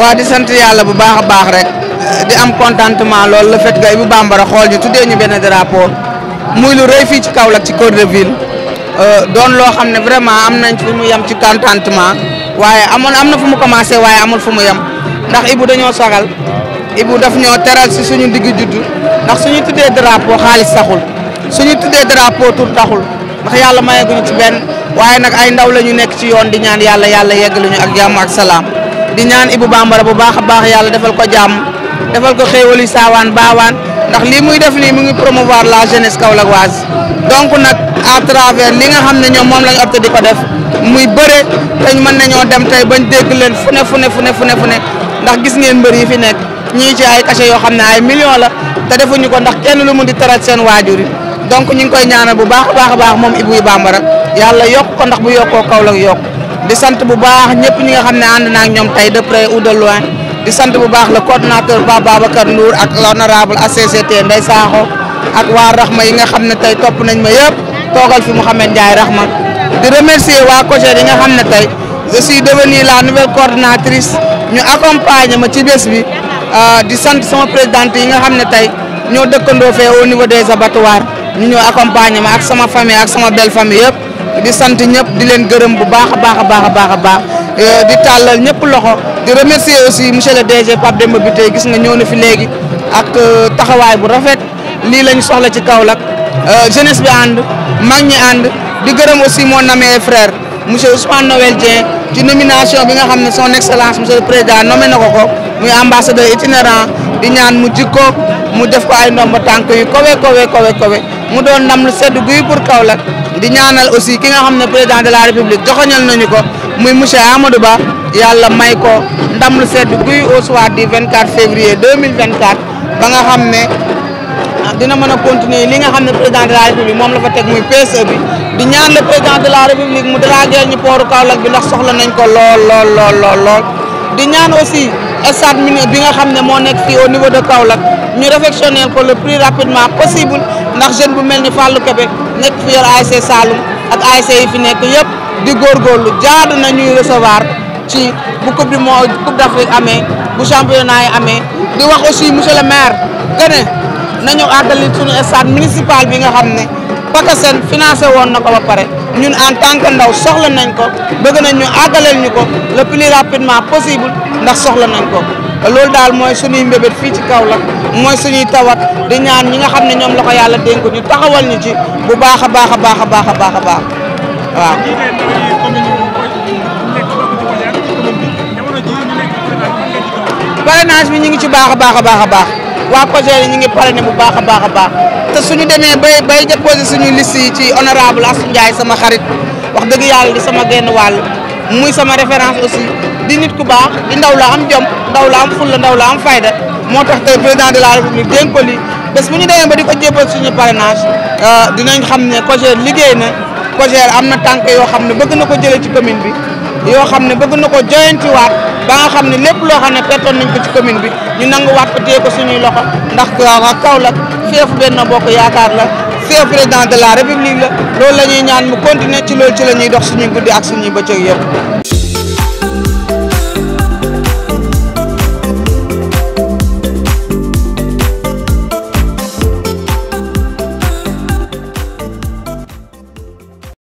waa di sant yàlla bu baax a baax rek di am contentement loolu la fait que Ibou Bambara xool ñu tuddee ñu benn drapeau muy lu rëy fii ci kaw Kaolack ci cœur de ville euh, doon loo xam ne vraiment am nañ fu mu yem ci contentement waaye amoon am na fu mu commencé waaye amul fu mu yem ndax Ibou dañoo sagal Ibou daf ñoo teral si suñu digg juddu ndax suñu tuddee drapeau xaalis saxul suñu tuddee drapeau tur taxul ndax yàlla mayeguñu ci benn waaye nag ay ndaw la ñu nekk ci yoon di ñaan yàlla yàlla yeggaluñu ak jàmm ak salaam. di ñaan Ibou Bambara bu baax a baax yàlla defal ko jàmm defal ko xéewali saawaan baawaan ndax lii muy def lii mu ngi promouvoir la jeunesse kaolackoise donc nag à travers li nga xam ne ñoo moom la ñu opté di ko def muy bëre te mën nañoo dem tey bañ dégg leen fu ne fu ne fu ne fu ndax gis ngeen mbër yi fi nekk ñii ci ay cachet yoo xam ne ay millions la te defuñu ko ndax kenn lu mu di teral seen waajur yi donc ñu ngi koy ñaanal bu baax a baax a baax moom Ibou Bambara yàlla yokk ko ndax bu yokkoo kaw la di sant bu baax ñëpp ñi nga xam ne ànd naa ñoom tey de près ou de loin di sant bu baax le coordonnateur Ba Babacar Ndour ak l'honorable ACCT Ndeye Sakho ak waa raxma yi nga xam ne tey topp nañ ma yëpp toogal fi Mouhamed Ndiaye Rahma di remercier waa COJER yi nga xam ne tey je suis devenue la nouvelle coordonnatrice ñu accompagner ma ci bés bi euh, di sant sama présidente yi nga xam ne tey ñoo dëkkandoo fee au niveau des abattoirs ñu ñëw accompagner ma ak sama famille ak sama belle yëpp. di sant ñëpp di leen gërëm bu baax a baax a baax a baax a baax euh, di tàllal ñëpp loxo di remercier aussi monsieur le DG Pape Demba bi tey gis nga ñëw na fi léegi ak euh, taxawaay bu rafet lii lañ soxla ci kaw Kaolack euh, jeunesse bi ànd mag ànd di gërëm aussi mon ami et frère monsieur Ousmane Noël Dieng ci nomination bi nga xam ne son excellence monsieur le président nommé na ko ko muy ambassadeur itinérant di ñaan mu jikko mu def ko ay ndomba tànk yu kowe kowe kowe kowe mu doon ndam lu sedd guy pour Kaolack di ñaanal aussi ki nga xam ne président de la république joxoñal nañu ko muy monsieur Amadou Ba yàlla may ko ndam lu sedd guy au soir du 24 février 2024 ba nga xam ne dina mën a continuer li nga xam ne président de la république moom la fa teg muy PSE bi di ñaan le président de la république mu draguer ñu pooru Kaolack bi ndax soxla nañ ko lool lool lool lool lool di ñaan aussi. stade mini bi nga xam ne moo nekk fii au niveau de Kaolack ñu réfectionner ko le plus rapidement possible ndax jeune bu mel ni Fallou Kébé nekk fi yor ASC Saloum ak ase yi fi nekk yëpp di góor góorlu jaadu na ñuy recevoir ci bu coupe du monde coupe d'Afrique amee bu championnat yi amee di wax aussi monsieur le maire que na nañu àggali suñu stade municipal bi nga xam ne. PACASEN financé woon na ko ba pare ñun en tant que ndaw soxla nañ ko bëgg nañ ñu àggaleel ñu ko le plus rapidement possible ndax soxla nañ ko loolu daal mooy suñuy mbébét fii ci kaw la mooy suñuy tawat di ñaan ñi nga xam ne ñoom la ko yàlla dénk ñu taxawal ñu ci bu baax a baax a baax a baax a baax a baax waaw. parrainage bi ñu ngi ci baax a baax a baax a baax. waa COJER ñu ngi parrainé bu baax a baax a baax te suñu demee bay bay déposé suñu liste yi ci honorable Assou Ndiaye sama xarit wax dëgg yàlla di sama genn wàll muy sama référence aussi di nit ku baax di ndaw la am jom ndaw la am fulla ndaw la am fayda moo tax tey président de la république dénk ko lii bés bu ñu demee ba di ko jébbal suñu parrainage euh, dinañ xam ne COJER liggéey na COJER am na tànk yoo xam ne bëgg na ko jëlee ci commune bi yoo xam ne bëgg na ko joyantiwaat ba nga xam ne lépp loo xam ne pertoon nañ ko ci commune bi ñu nanguwaat ko téye ko suñuy loxo ndax waa Kaolack feefu Benno Bokk Yaakaar la feefu président de la république la loolu la ñuy ñaan mu continuer ci loolu ci la ñuy dox suñuy guddi ak suñuy bëccëg yëpp.